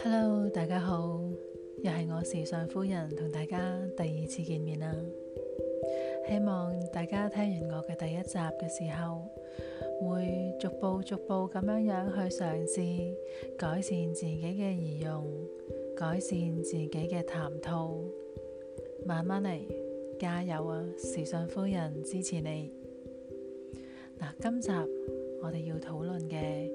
Hello，大家好，又係我時尚夫人同大家第二次見面啦。希望大家聽完我嘅第一集嘅時候，會逐步逐步咁樣樣去嘗試改善自己嘅儀容，改善自己嘅談吐，慢慢嚟，加油啊！時尚夫人支持你。今集我哋要討論嘅，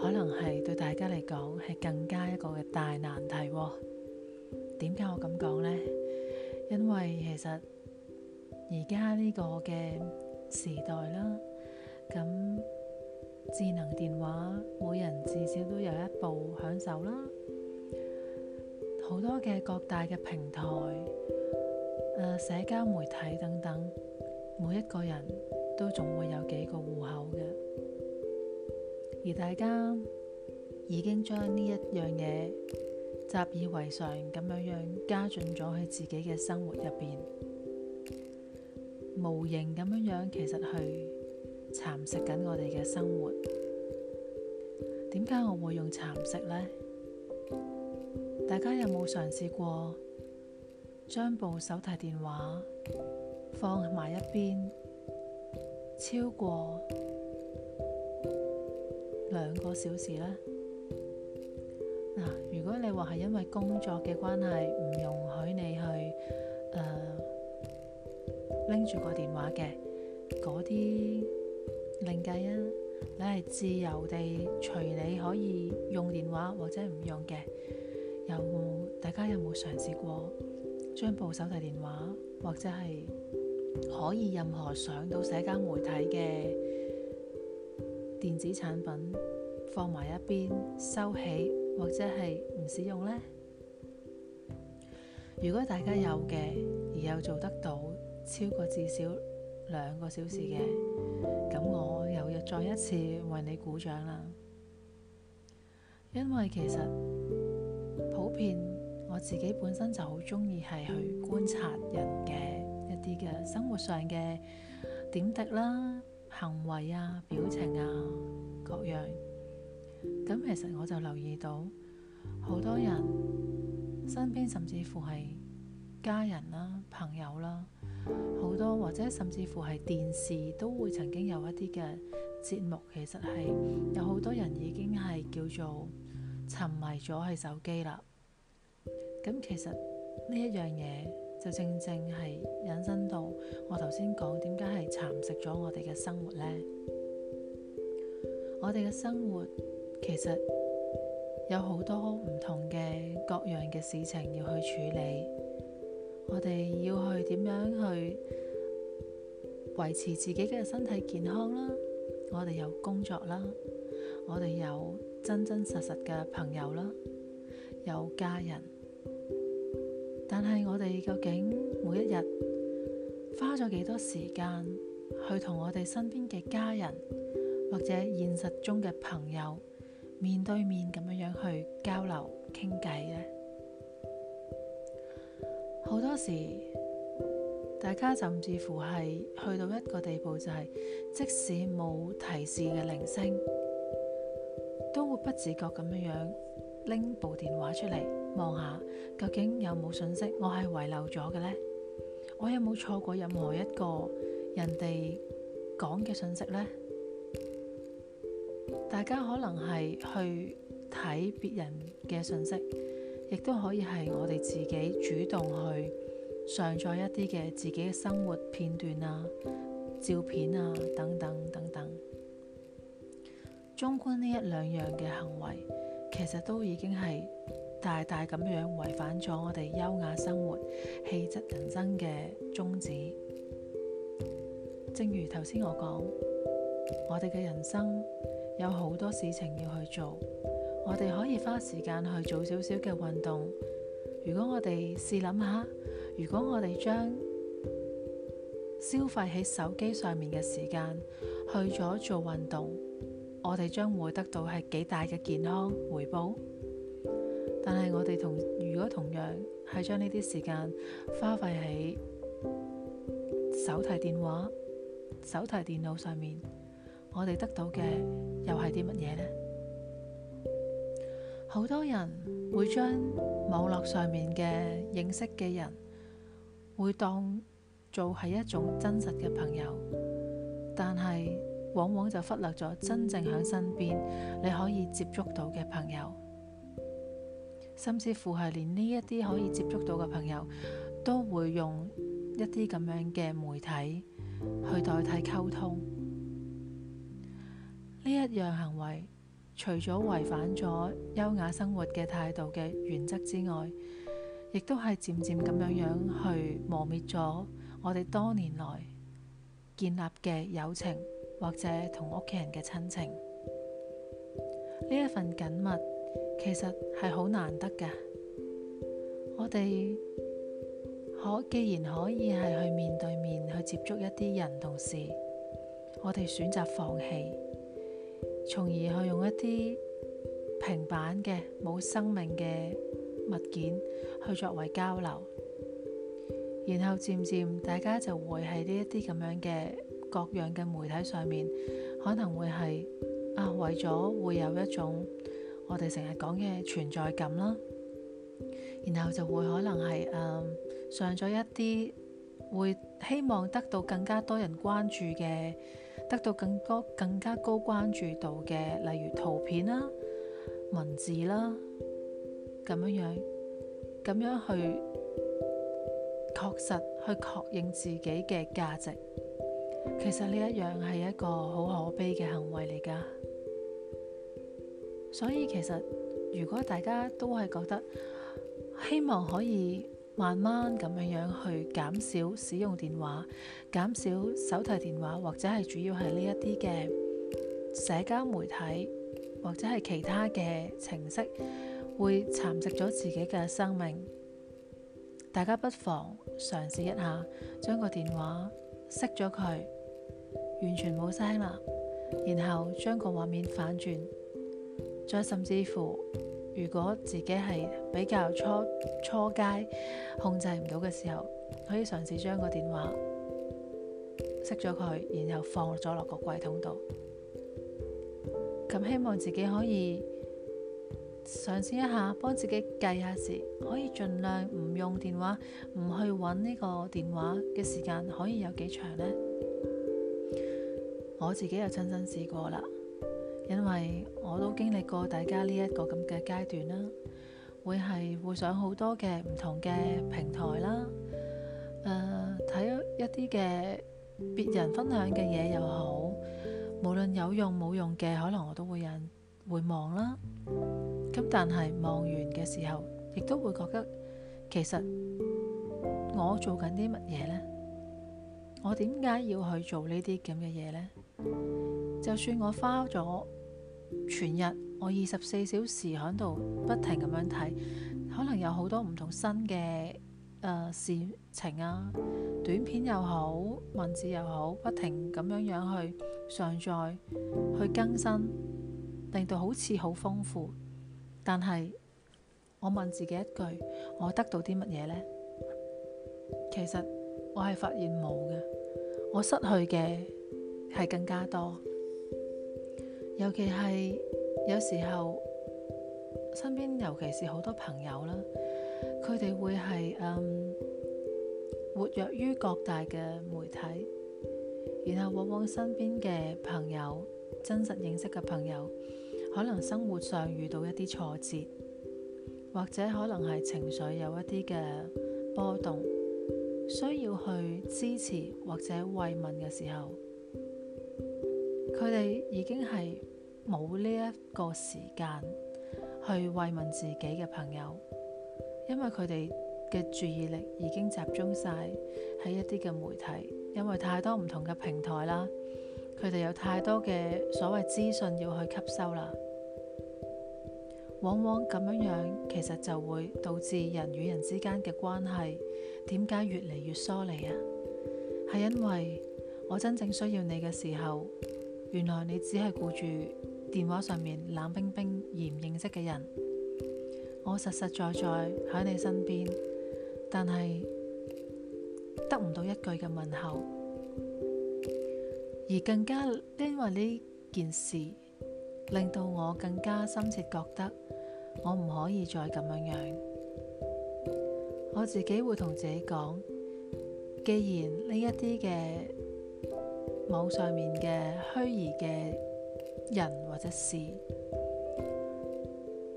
可能係對大家嚟講係更加一個嘅大難題喎。點解我咁講呢？因為其實而家呢個嘅時代啦，咁智能電話每人至少都有一部享受啦，好多嘅各大嘅平台，社交媒體等等，每一個人。都仲會有幾個戶口嘅，而大家已經將呢一樣嘢習以為常咁樣樣，加進咗喺自己嘅生活入邊，無形咁樣樣，其實去蠶食緊我哋嘅生活。點解我會用蠶食呢？大家有冇嘗試過將部手提電話放埋一邊？超過兩個小時啦。嗱、啊，如果你話係因為工作嘅關係唔容許你去拎住、呃、個電話嘅，嗰啲另計啊！你係自由地，隨你可以用電話或者唔用嘅，有冇？大家有冇嘗試過將部手提電話或者係？可以任何上到社交媒體嘅電子產品放埋一邊收起，或者係唔使用呢？如果大家有嘅，而又做得到超過至少兩個小時嘅，咁我又要再一次為你鼓掌啦。因為其實普遍我自己本身就好鍾意係去觀察人嘅。一啲嘅生活上嘅點滴啦、行為啊、表情啊各樣，咁其實我就留意到好多人身邊甚至乎係家人啦、啊、朋友啦、啊，好多或者甚至乎係電視都會曾經有一啲嘅節目，其實係有好多人已經係叫做沉迷咗喺手機啦。咁其實呢一樣嘢。就正正係引申到我頭先講點解係蠶食咗我哋嘅生活呢？我哋嘅生活其實有好多唔同嘅各樣嘅事情要去處理，我哋要去點樣去維持自己嘅身體健康啦，我哋有工作啦，我哋有真真實實嘅朋友啦，有家人。但係我哋究竟每一日花咗幾多時間去同我哋身邊嘅家人或者現實中嘅朋友面對面咁樣樣去交流傾偈呢？好多時大家甚至乎係去到一個地步、就是，就係即使冇提示嘅鈴聲，都會不自覺咁樣樣拎部電話出嚟。望下究竟有冇信息？我係遺漏咗嘅咧，我有冇錯過任何一個人哋講嘅信息咧？大家可能係去睇別人嘅信息，亦都可以係我哋自己主動去上載一啲嘅自己嘅生活片段啊、照片啊等等等等。綜觀呢一兩樣嘅行為，其實都已經係。大大咁樣違反咗我哋優雅生活、氣質人生嘅宗旨。正如頭先我講，我哋嘅人生有好多事情要去做，我哋可以花時間去做少少嘅運動。如果我哋試諗下，如果我哋將消費喺手機上面嘅時間去咗做運動，我哋將會得到係幾大嘅健康回報。但係，我哋同如果同樣係將呢啲時間花費喺手提電話、手提電腦上面，我哋得到嘅又係啲乜嘢呢？好多人會將網絡上面嘅認識嘅人，會當做係一種真實嘅朋友，但係往往就忽略咗真正喺身邊你可以接觸到嘅朋友。甚至乎係連呢一啲可以接觸到嘅朋友，都會用一啲咁樣嘅媒體去代替溝通。呢一樣行為，除咗違反咗優雅生活嘅態度嘅原則之外，亦都係漸漸咁樣樣去磨滅咗我哋多年來建立嘅友情，或者同屋企人嘅親情。呢一份緊密。其實係好難得㗎，我哋可既然可以係去面對面去接觸一啲人同事，我哋選擇放棄，從而去用一啲平板嘅冇生命嘅物件去作為交流，然後漸漸大家就會喺呢一啲咁樣嘅各樣嘅媒體上面，可能會係，啊，為咗會有一種。我哋成日講嘅存在感啦，然後就會可能係誒、嗯、上咗一啲會希望得到更加多人關注嘅，得到更多更加高關注度嘅，例如圖片啦、文字啦，咁樣樣，咁樣去確實去確認自己嘅價值。其實呢一樣係一個好可悲嘅行為嚟㗎。所以其實，如果大家都係覺得希望可以慢慢咁樣樣去減少使用電話，減少手提電話，或者係主要係呢一啲嘅社交媒體，或者係其他嘅程式，會蠶食咗自己嘅生命，大家不妨嘗試一下，將個電話熄咗佢，完全冇聲啦，然後將個畫面反轉。再甚至乎，如果自己係比較初初階控制唔到嘅時候，可以嘗試將個電話熄咗佢，然後放咗落個櫃桶度。咁希望自己可以嘗試一下，幫自己計下時，可以盡量唔用電話，唔去揾呢個電話嘅時間，可以有幾長呢？我自己又親身試過啦。因為我都經歷過大家呢一個咁嘅階段啦，會係會上好多嘅唔同嘅平台啦，誒、呃、睇一啲嘅別人分享嘅嘢又好，無論有用冇用嘅，可能我都會有人會望啦。咁但係望完嘅時候，亦都會覺得其實我做緊啲乜嘢呢？我點解要去做呢啲咁嘅嘢呢？就算我花咗。全日我二十四小時喺度不停咁樣睇，可能有好多唔同新嘅，呃、事情啊，短片又好，文字又好，不停咁樣樣去上載，去更新，令到好似好豐富。但係我問自己一句，我得到啲乜嘢呢？其實我係發現冇嘅，我失去嘅係更加多。尤其係有時候身邊，尤其是好多朋友啦，佢哋會係、嗯、活躍於各大嘅媒體，然後往往身邊嘅朋友、真實認識嘅朋友，可能生活上遇到一啲挫折，或者可能係情緒有一啲嘅波動，需要去支持或者慰問嘅時候，佢哋已經係冇呢一個時間去慰問自己嘅朋友，因為佢哋嘅注意力已經集中晒喺一啲嘅媒體，因為太多唔同嘅平台啦，佢哋有太多嘅所謂資訊要去吸收啦。往往咁樣樣，其實就會導致人與人之間嘅關係點解越嚟越疏離啊？係因為我真正需要你嘅時候，原來你只係顧住。電話上面冷冰冰而唔認識嘅人，我實實在在喺你身邊，但係得唔到一句嘅問候，而更加因為呢件事令到我更加深切覺得我唔可以再咁樣樣。我自己會同自己講，既然呢一啲嘅網上面嘅虛擬嘅。人或者事，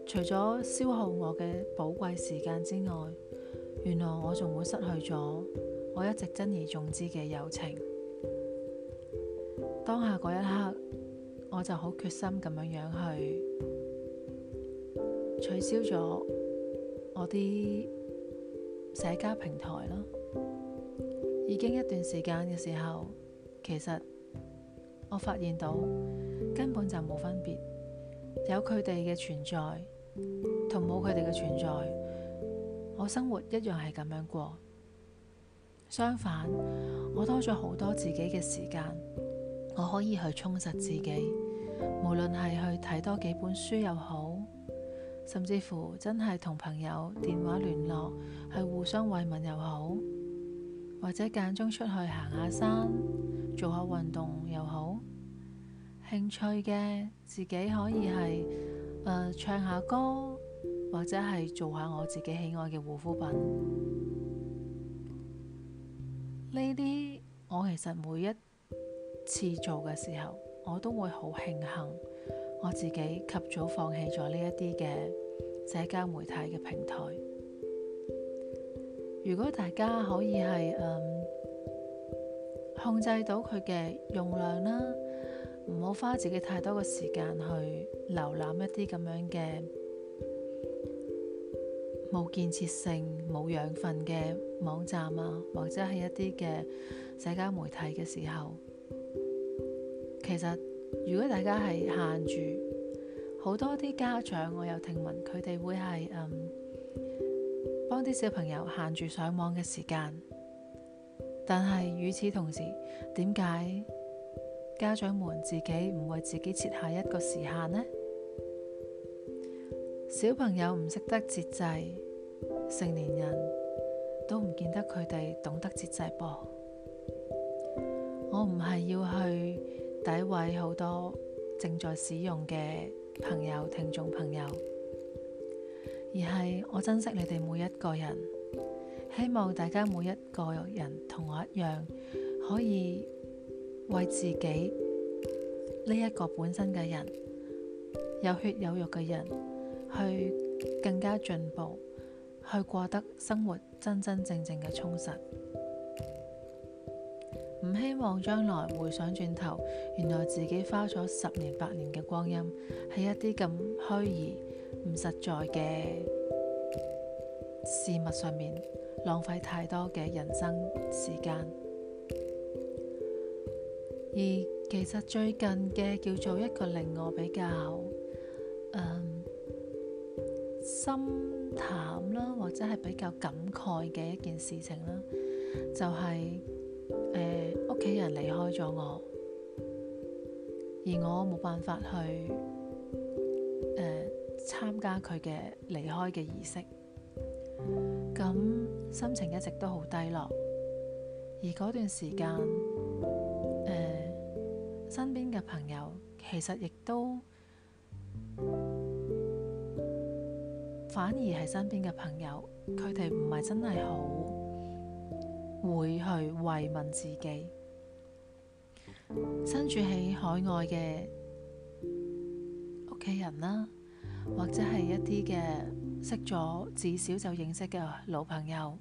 除咗消耗我嘅寶貴時間之外，原來我仲會失去咗我一直珍而重之嘅友情。當下嗰一刻，我就好決心咁樣樣去取消咗我啲社交平台啦。已經一段時間嘅時候，其實我發現到。根本就冇分別，有佢哋嘅存在同冇佢哋嘅存在，我生活一樣係咁樣過。相反，我多咗好多自己嘅時間，我可以去充實自己。無論係去睇多幾本書又好，甚至乎真係同朋友電話聯絡，去互相慰問又好，或者間中出去行下山、做下運動又好。興趣嘅自己可以係、呃、唱下歌，或者係做下我自己喜愛嘅護膚品。呢啲，我其實每一次做嘅時候，我都會好慶幸我自己及早放棄咗呢一啲嘅社交媒體嘅平台。如果大家可以係誒、嗯、控制到佢嘅用量啦。唔好花自己太多嘅時間去瀏覽一啲咁樣嘅冇建設性、冇養分嘅網站啊，或者係一啲嘅社交媒體嘅時候，其實如果大家係限住好多啲家長，我有聽聞佢哋會係嗯幫啲小朋友限住上網嘅時間，但係與此同時，點解？家長們自己唔為自己設下一個時限呢？小朋友唔識得節制，成年人都唔見得佢哋懂得節制噃。我唔係要去詆毀好多正在使用嘅朋友、聽眾朋友，而係我珍惜你哋每一個人，希望大家每一個人同我一樣可以。為自己呢一個本身嘅人，有血有肉嘅人，去更加進步，去過得生活真真正正嘅充實。唔希望將來回想轉頭，原來自己花咗十年八年嘅光陰，喺一啲咁虛而唔實在嘅事物上面，浪費太多嘅人生時間。而其實最近嘅叫做一個令我比較心、嗯、淡啦，或者係比較感慨嘅一件事情啦，就係屋企人離開咗我，而我冇辦法去誒參、呃、加佢嘅離開嘅儀式，咁心情一直都好低落，而嗰段時間。身邊嘅朋友其實亦都，反而係身邊嘅朋友，佢哋唔係真係好會去慰問自己。身處喺海外嘅屋企人啦，或者係一啲嘅識咗至少就認識嘅老朋友，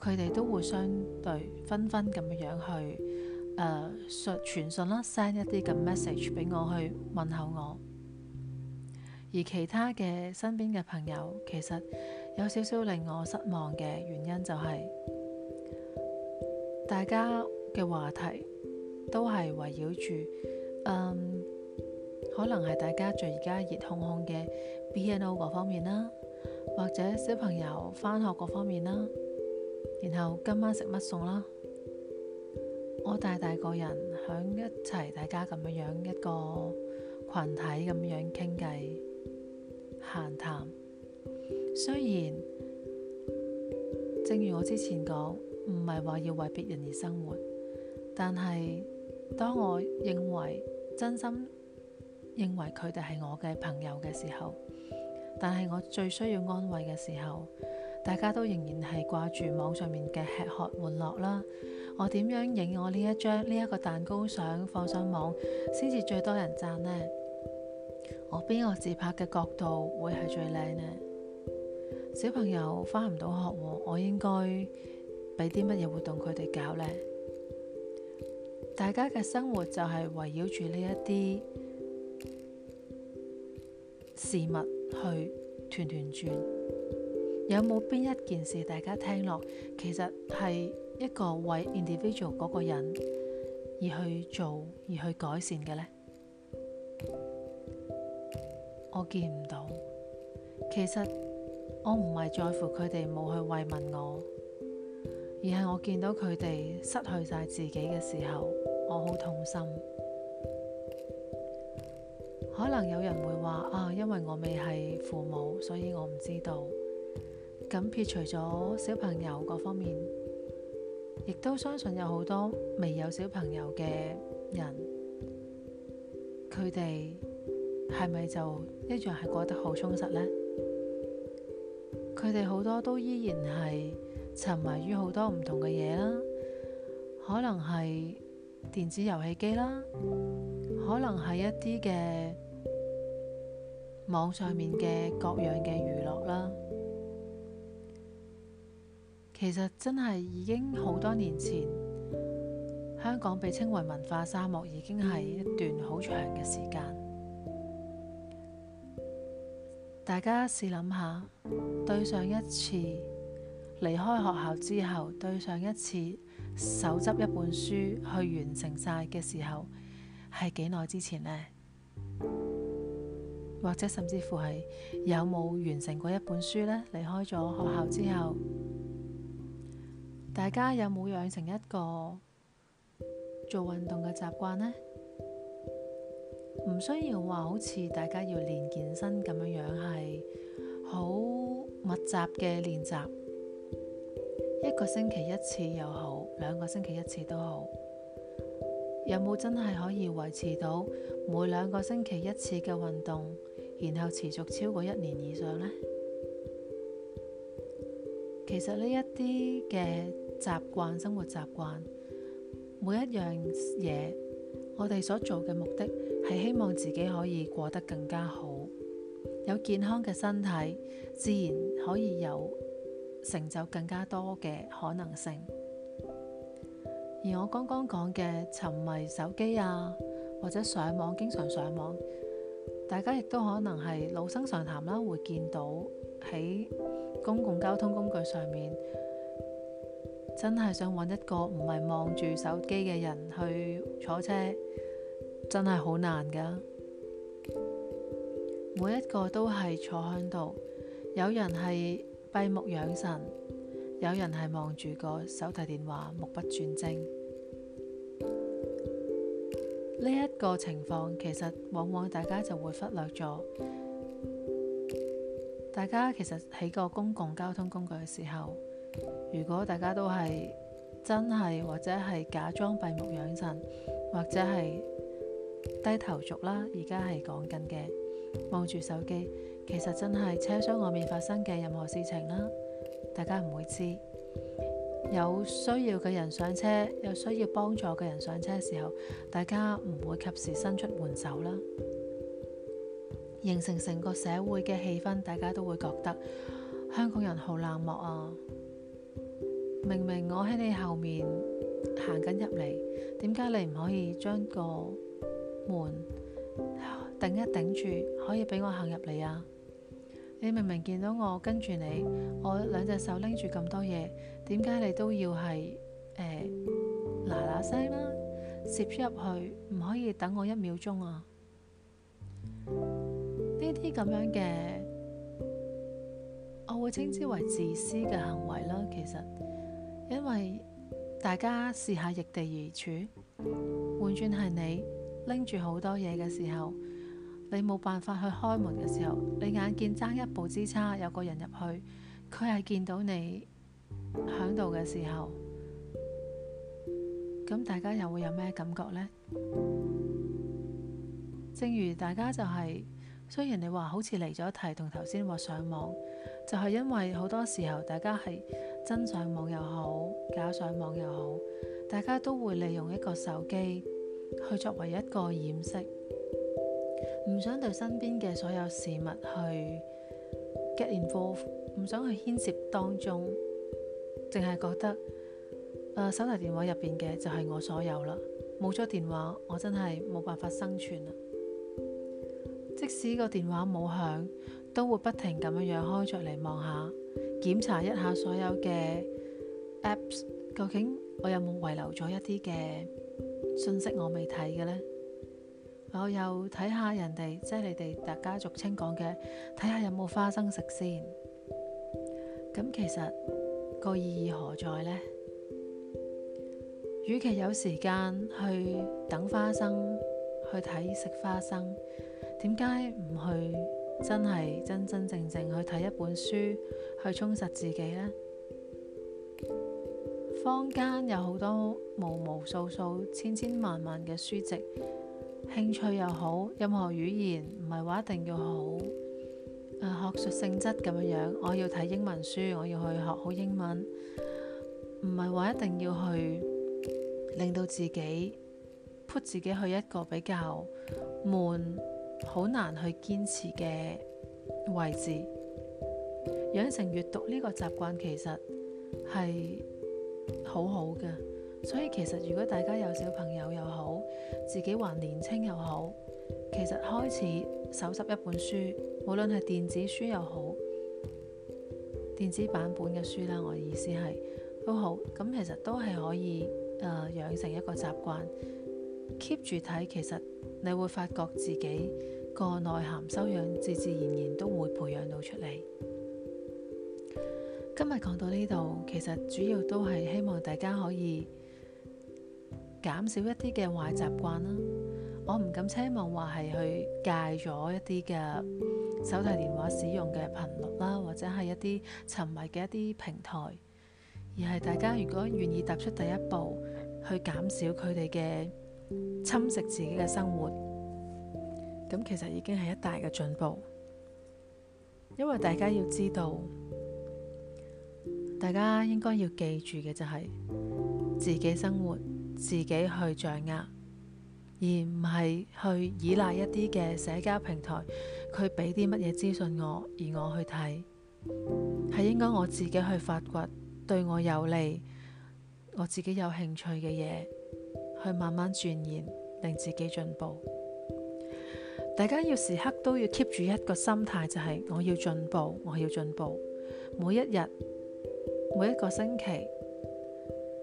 佢哋都會相對紛紛咁樣去。誒、uh, 傳信啦，send 一啲咁 message 俾我去問候我。而其他嘅身邊嘅朋友，其實有少少令我失望嘅原因就係、是，大家嘅話題都係圍繞住、嗯，可能係大家最而家熱烘烘嘅 BNO 嗰方面啦，或者小朋友返學嗰方面啦，然後今晚食乜餸啦？我大大個人響一齊，大家咁樣樣一個群體咁樣傾偈閒談。雖然正如我之前講，唔係話要為別人而生活，但係當我認為真心認為佢哋係我嘅朋友嘅時候，但係我最需要安慰嘅時候，大家都仍然係掛住網上面嘅吃喝玩樂啦。我點樣影我呢一張呢一個蛋糕相放上網，先至最多人贊呢？我邊個自拍嘅角度會係最靚呢？小朋友返唔到學，我應該俾啲乜嘢活動佢哋搞呢？大家嘅生活就係圍繞住呢一啲事物去團團轉。有冇邊一件事大家聽落，其實係？一個為 individual 嗰個人而去做、而去改善嘅呢。我見唔到。其實我唔係在乎佢哋冇去慰問我，而係我見到佢哋失去晒自己嘅時候，我好痛心。可能有人會話啊，因為我未係父母，所以我唔知道。咁撇除咗小朋友嗰方面。亦都相信有好多未有小朋友嘅人，佢哋係咪就一樣係過得好充實咧？佢哋好多都依然係沉迷於好多唔同嘅嘢啦，可能係電子遊戲機啦，可能係一啲嘅網上面嘅各樣嘅娛樂啦。其實真係已經好多年前，香港被稱為文化沙漠，已經係一段好長嘅時間。大家試諗下，對上一次離開學校之後，對上一次手執一本書去完成晒嘅時候，係幾耐之前呢？或者甚至乎係有冇完成過一本書呢？離開咗學校之後。大家有冇養成一個做運動嘅習慣呢？唔需要話好似大家要練健身咁樣樣係好密集嘅練習，一個星期一次又好，兩個星期一次都好。有冇真係可以維持到每兩個星期一次嘅運動，然後持續超過一年以上呢？其實呢一啲嘅。習慣，生活習慣，每一樣嘢，我哋所做嘅目的係希望自己可以過得更加好，有健康嘅身體，自然可以有成就更加多嘅可能性。而我剛剛講嘅沉迷手機啊，或者上網，經常上網，大家亦都可能係老生常談啦，會見到喺公共交通工具上面。真係想揾一個唔係望住手機嘅人去坐車，真係好難噶。每一個都係坐響度，有人係閉目養神，有人係望住個手提電話，目不轉睛。呢一個情況其實往往大家就會忽略咗，大家其實喺個公共交通工具嘅時候。如果大家都係真係，或者係假裝閉目養神，或者係低頭族啦，而家係講緊嘅，望住手機，其實真係車廂外面發生嘅任何事情啦，大家唔會知。有需要嘅人上車，有需要幫助嘅人上車嘅時候，大家唔會及時伸出援手啦，形成成個社會嘅氣氛，大家都會覺得香港人好冷漠啊。明明我喺你後面行緊入嚟，點解你唔可以將個門、呃、頂一頂住，可以俾我行入嚟啊？你明明見到我跟住你，我兩隻手拎住咁多嘢，點解你都要係嗱嗱聲啦，攝入去，唔可以等我一秒鐘啊？呢啲咁樣嘅，我會稱之為自私嘅行為啦。其實。因為大家試下逆地而處，換轉係你拎住好多嘢嘅時候，你冇辦法去開門嘅時候，你眼見爭一步之差有個人入去，佢係見到你響度嘅時候，咁大家又會有咩感覺呢？正如大家就係、是，雖然你話好似離咗題同頭先話上網，就係、是、因為好多時候大家係。真上網又好，假上網又好，大家都會利用一個手機去作為一個掩飾，唔想對身邊嘅所有事物去 get involved，唔想去牽涉當中，淨係覺得、啊、手提電話入邊嘅就係我所有啦。冇咗電話，我真係冇辦法生存啦。即使個電話冇響，都會不停咁樣樣開着嚟望下。檢查一下所有嘅 apps，究竟我有冇遺留咗一啲嘅信息我未睇嘅呢？我又睇下人哋，即係你哋大家俗稱講嘅，睇下有冇花生食先。咁其實個意義何在呢？與其有時間去等花生，去睇食花生，點解唔去真係真真正正正正去睇一本書？去充實自己咧，坊間有好多無無數數、千千萬萬嘅書籍，興趣又好，任何語言唔係話一定要好，誒、呃，學術性質咁樣樣，我要睇英文書，我要去學好英文，唔係話一定要去令到自己 put 自己去一個比較悶、好難去堅持嘅位置。養成閱讀呢個習慣，其實係好好嘅。所以其實，如果大家有小朋友又好，自己還年青又好，其實開始手執一本書，無論係電子書又好，電子版本嘅書啦，我意思係都好。咁其實都係可以誒、呃、養成一個習慣，keep 住睇。其實你會發覺自己個內涵修養，自自然然都會培養到出嚟。今日講到呢度，其實主要都係希望大家可以減少一啲嘅壞習慣啦。我唔敢奢望話係去戒咗一啲嘅手提電話使用嘅頻率啦，或者係一啲沉迷嘅一啲平台，而係大家如果願意踏出第一步，去減少佢哋嘅侵蝕自己嘅生活，咁其實已經係一大嘅進步。因為大家要知道。大家應該要記住嘅就係、是、自己生活，自己去掌握，而唔係去依賴一啲嘅社交平台。佢俾啲乜嘢資訊我，而我去睇，係應該我自己去發掘對我有利、我自己有興趣嘅嘢，去慢慢鑽研，令自己進步。大家要時刻都要 keep 住一個心態，就是，就係我要進步，我要進步，每一日。每一個星期，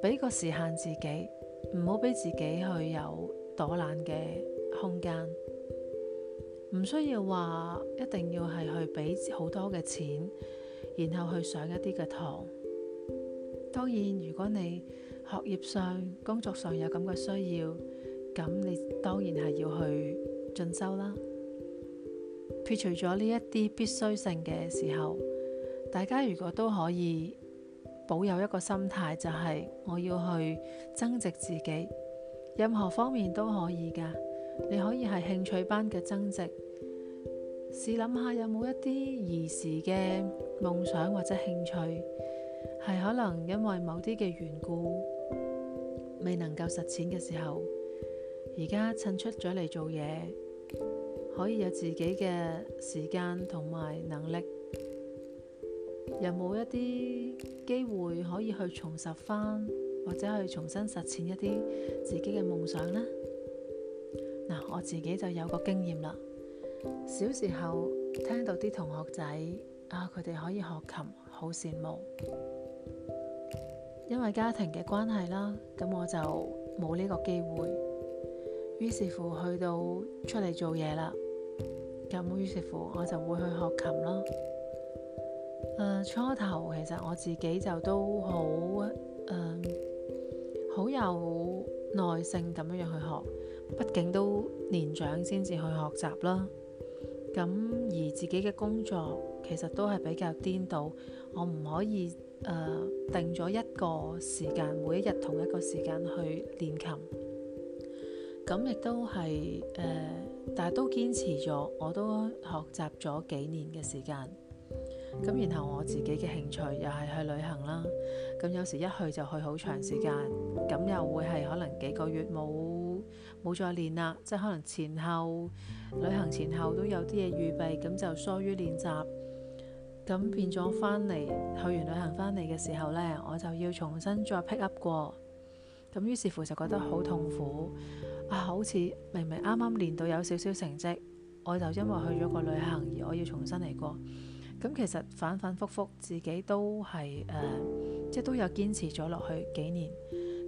俾個時限自己，唔好俾自己去有躲懶嘅空間。唔需要話一定要係去俾好多嘅錢，然後去上一啲嘅堂。當然，如果你學業上、工作上有咁嘅需要，咁你當然係要去進修啦。撇除咗呢一啲必須性嘅時候，大家如果都可以。保有一個心態，就係、是、我要去增值自己，任何方面都可以噶。你可以係興趣班嘅增值，試諗下有冇一啲兒時嘅夢想或者興趣，係可能因為某啲嘅緣故未能夠實踐嘅時候，而家趁出咗嚟做嘢，可以有自己嘅時間同埋能力。有冇一啲機會可以去重拾返，或者去重新實踐一啲自己嘅夢想呢？嗱，我自己就有個經驗啦。小時候聽到啲同學仔啊，佢哋可以學琴，好羨慕。因為家庭嘅關係啦，咁我就冇呢個機會。於是乎，去到出嚟做嘢啦，有冇於是乎，我就會去學琴咯。Uh, 初頭其實我自己就都好好、uh, 有耐性咁樣樣去學，畢竟都年長先至去學習啦。咁而自己嘅工作其實都係比較顛倒，我唔可以、uh, 定咗一個時間，每一日同一個時間去練琴。咁亦都係、uh, 但係都堅持咗，我都學習咗幾年嘅時間。咁然後我自己嘅興趣又係去旅行啦，咁有時一去就去好長時間，咁又會係可能幾個月冇冇再練啦，即係可能前後旅行前後都有啲嘢預備，咁就疏於練習，咁變咗返嚟去完旅行返嚟嘅時候呢，我就要重新再 pick up 過，咁於是乎就覺得好痛苦，啊好似明明啱啱練到有少少成績，我就因為去咗個旅行而我要重新嚟過。咁其實反反覆覆，自己都係誒、呃，即係都有堅持咗落去幾年。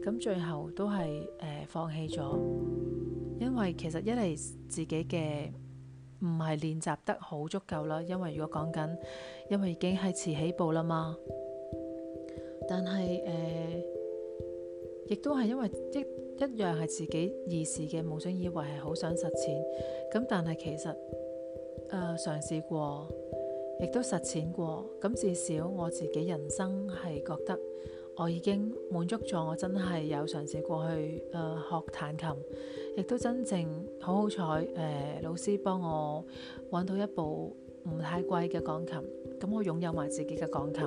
咁最後都係誒、呃、放棄咗，因為其實一嚟自己嘅唔係練習得好足夠啦。因為如果講緊，因為已經係遲起步啦嘛。但係誒、呃，亦都係因為一一樣係自己兒時嘅，夢想以為係好想實踐咁，但係其實誒、呃、嘗試過。亦都實踐過，咁至少我自己人生係覺得我已經滿足咗。我真係有嘗試過去誒、呃、學彈琴，亦都真正好好彩。誒、呃，老師幫我搵到一部唔太貴嘅鋼琴，咁我擁有埋自己嘅鋼琴。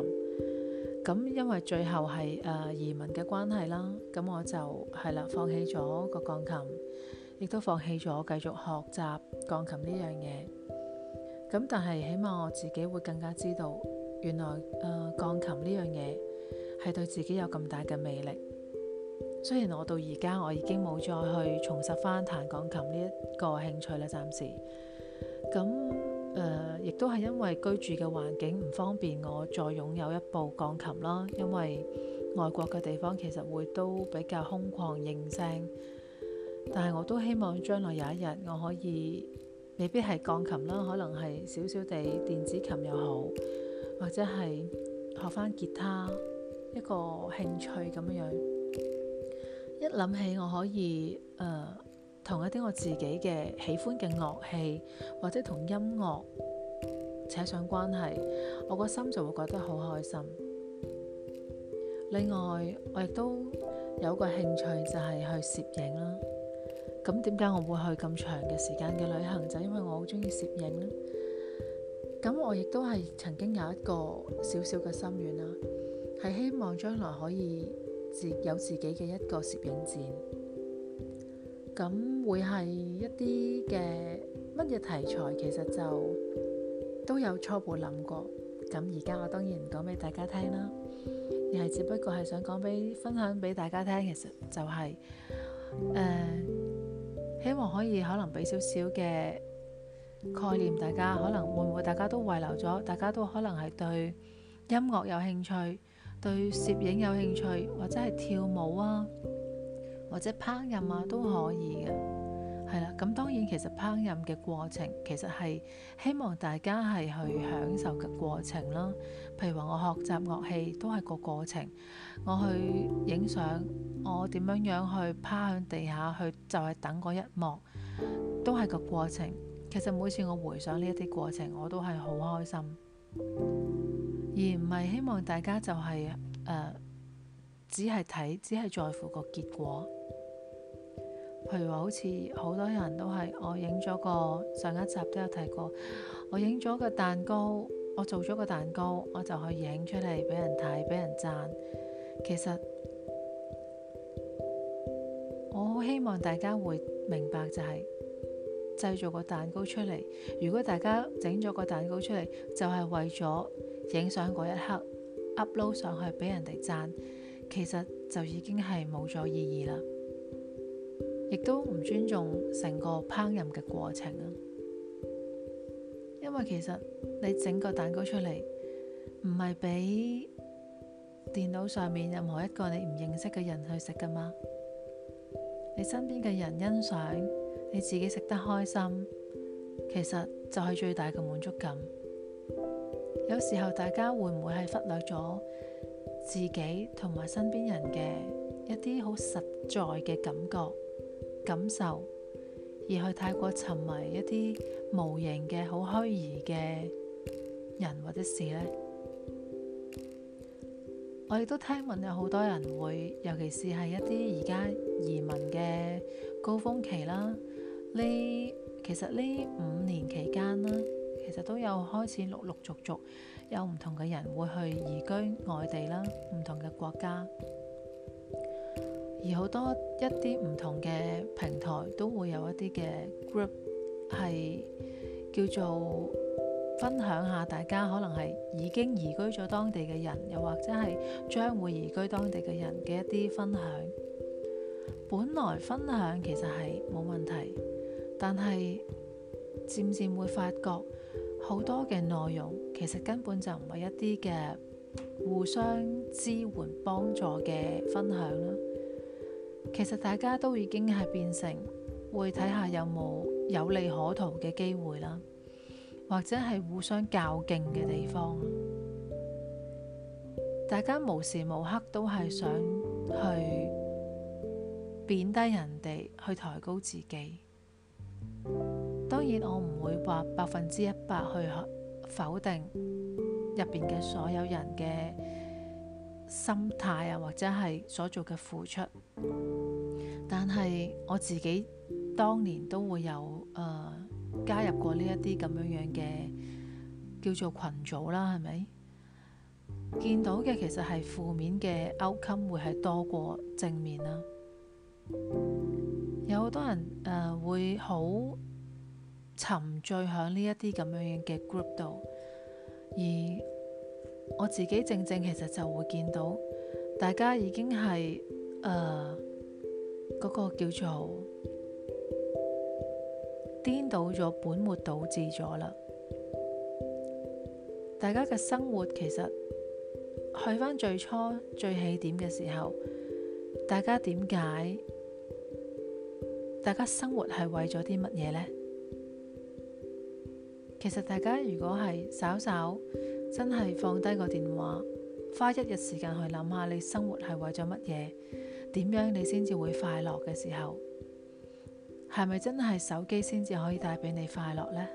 咁因為最後係誒、呃、移民嘅關係啦，咁我就係啦，放棄咗個鋼琴，亦都放棄咗繼續學習鋼琴呢樣嘢。咁但係，起碼我自己會更加知道，原來誒鋼、呃、琴呢樣嘢係對自己有咁大嘅魅力。雖然我到而家，我已經冇再去重拾翻彈鋼琴呢一個興趣啦，暫時。咁、嗯、誒、呃，亦都係因為居住嘅環境唔方便，我再擁有一部鋼琴啦。因為外國嘅地方其實會都比較空曠、認聲，但係我都希望將來有一日我可以。未必係鋼琴啦，可能係少少地電子琴又好，或者係學返吉他一個興趣咁樣。一諗起我可以誒同、呃、一啲我自己嘅喜歡嘅樂器，或者同音樂扯上關係，我個心就會覺得好開心。另外，我亦都有個興趣就係、是、去攝影啦。咁點解我會去咁長嘅時間嘅旅行？就因為我好鍾意攝影啦。咁我亦都係曾經有一個少少嘅心願啦，係希望將來可以自有自己嘅一個攝影展。咁會係一啲嘅乜嘢題材？其實就都有初步諗過。咁而家我當然唔講俾大家聽啦，而係只不過係想講俾分享俾大家聽。其實就係誒。希望可以可能俾少少嘅概念，大家可能會唔會大家都遺留咗，大家都可能係對音樂有興趣，對攝影有興趣，或者係跳舞啊，或者烹飪啊都可以嘅。係啦，咁、 嗯、當然其實烹飪嘅過程其實係希望大家係去享受嘅過程啦。譬如話我學習樂器都係個過程，我去影相，我點樣樣去趴喺地下去就係等嗰一幕，都係個過程。其實每次我回想呢一啲過程，我都係好開心，而唔係希望大家就係誒，只係睇，只係在乎個結果。譬如話，好似好多人都係我影咗個上一集都有提過，我影咗個蛋糕，我做咗個蛋糕，我就去影出嚟俾人睇，俾人讚。其實我好希望大家會明白、就是，就係製造個蛋糕出嚟。如果大家整咗個蛋糕出嚟，就係、是、為咗影相嗰一刻 upload 上，上去俾人哋讚，其實就已經係冇咗意義啦。亦都唔尊重成個烹飪嘅過程啊，因為其實你整個蛋糕出嚟唔係俾電腦上面任何一個你唔認識嘅人去食㗎嘛。你身邊嘅人欣賞，你自己食得開心，其實就係最大嘅滿足感。有時候大家會唔會係忽略咗自己同埋身邊人嘅一啲好實在嘅感覺？感受，而去太過沉迷一啲無形嘅好虛擬嘅人或者事呢，我亦都聽聞有好多人會，尤其是係一啲而家移民嘅高峰期啦。呢其實呢五年期間啦，其實都有開始陸陸續續有唔同嘅人會去移居外地啦，唔同嘅國家。而好多一啲唔同嘅平台都會有一啲嘅 group 係叫做分享下大家可能係已經移居咗當地嘅人，又或者係將會移居當地嘅人嘅一啲分享。本來分享其實係冇問題，但係漸漸會發覺好多嘅內容其實根本就唔係一啲嘅互相支援幫助嘅分享啦。其實大家都已經係變成會睇下有冇有利可圖嘅機會啦，或者係互相較勁嘅地方。大家無時無刻都係想去貶低人哋，去抬高自己。當然我唔會話百分之一百去否定入邊嘅所有人嘅。心態啊，或者係所做嘅付出，但係我自己當年都會有誒、呃、加入過呢一啲咁樣樣嘅叫做群組啦，係咪？見到嘅其實係負面嘅 outcome 會係多過正面啦，有好多人誒、呃、會好沉醉響呢一啲咁樣樣嘅 group 度，而。我自己正正，其實就會見到大家已經係誒，嗰個叫做顛倒咗，本末倒置咗啦。大家嘅生活，其實去返最初最起點嘅時候，大家點解，大家生活係為咗啲乜嘢呢？其實大家如果係稍稍，真係放低個電話，花一日時間去諗下你生活係為咗乜嘢，點樣你先至會快樂嘅時候，係咪真係手機先至可以帶俾你快樂呢？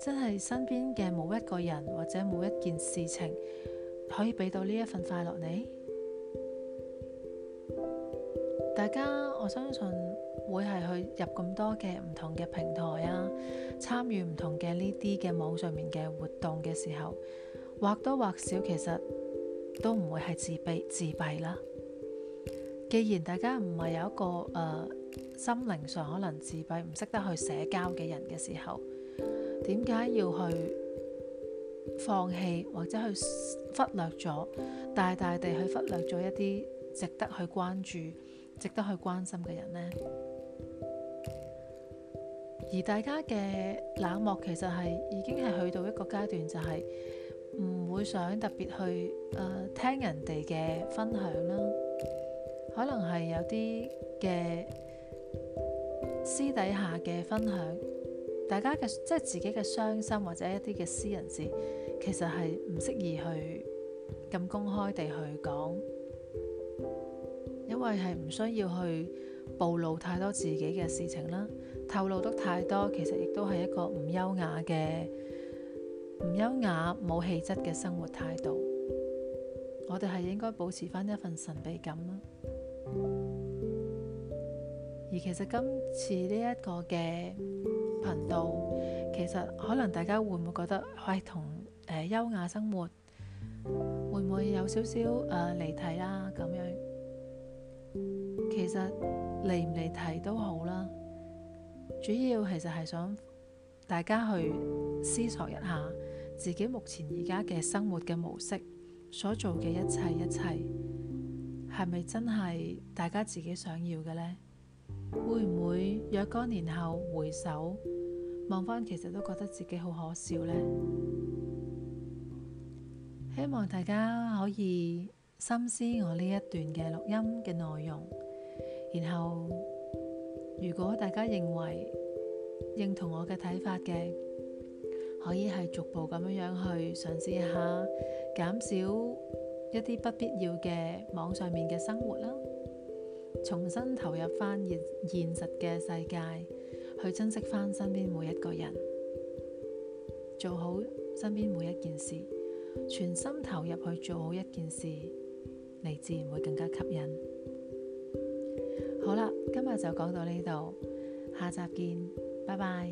真係身邊嘅冇一個人或者冇一件事情可以俾到呢一份快樂你？大家我相信。會係去入咁多嘅唔同嘅平台啊，參與唔同嘅呢啲嘅網上面嘅活動嘅時候，或多或少其實都唔會係自卑自閉啦。既然大家唔係有一個誒、呃、心靈上可能自閉，唔識得去社交嘅人嘅時候，點解要去放棄或者去忽略咗大大地去忽略咗一啲值得去關注、值得去關心嘅人呢？而大家嘅冷漠其實係已經係去到一個階段，就係唔會想特別去誒、呃、聽人哋嘅分享啦。可能係有啲嘅私底下嘅分享，大家嘅即係自己嘅傷心或者一啲嘅私人事，其實係唔適宜去咁公開地去講，因為係唔需要去暴露太多自己嘅事情啦。透露得太多，其實亦都係一個唔優雅嘅唔優雅、冇氣質嘅生活態度。我哋係應該保持返一份神秘感啦。而其實今次呢一個嘅頻道，其實可能大家會唔會覺得，唉、哎，同誒優雅生活會唔會有少少誒離題啦？咁樣其實離唔離題都好啦。主要其實係想大家去思索一下，自己目前而家嘅生活嘅模式，所做嘅一切一切，係咪真係大家自己想要嘅呢？會唔會若干年後回首，望返其實都覺得自己好可笑呢？希望大家可以深思我呢一段嘅錄音嘅內容，然後，如果大家認為認同我嘅睇法嘅，可以係逐步咁樣去嘗試下減少一啲不必要嘅網上面嘅生活啦，重新投入翻現現實嘅世界，去珍惜翻身邊每一個人，做好身邊每一件事，全心投入去做好一件事，你自然會更加吸引。好啦，今日就講到呢度，下集見，拜拜。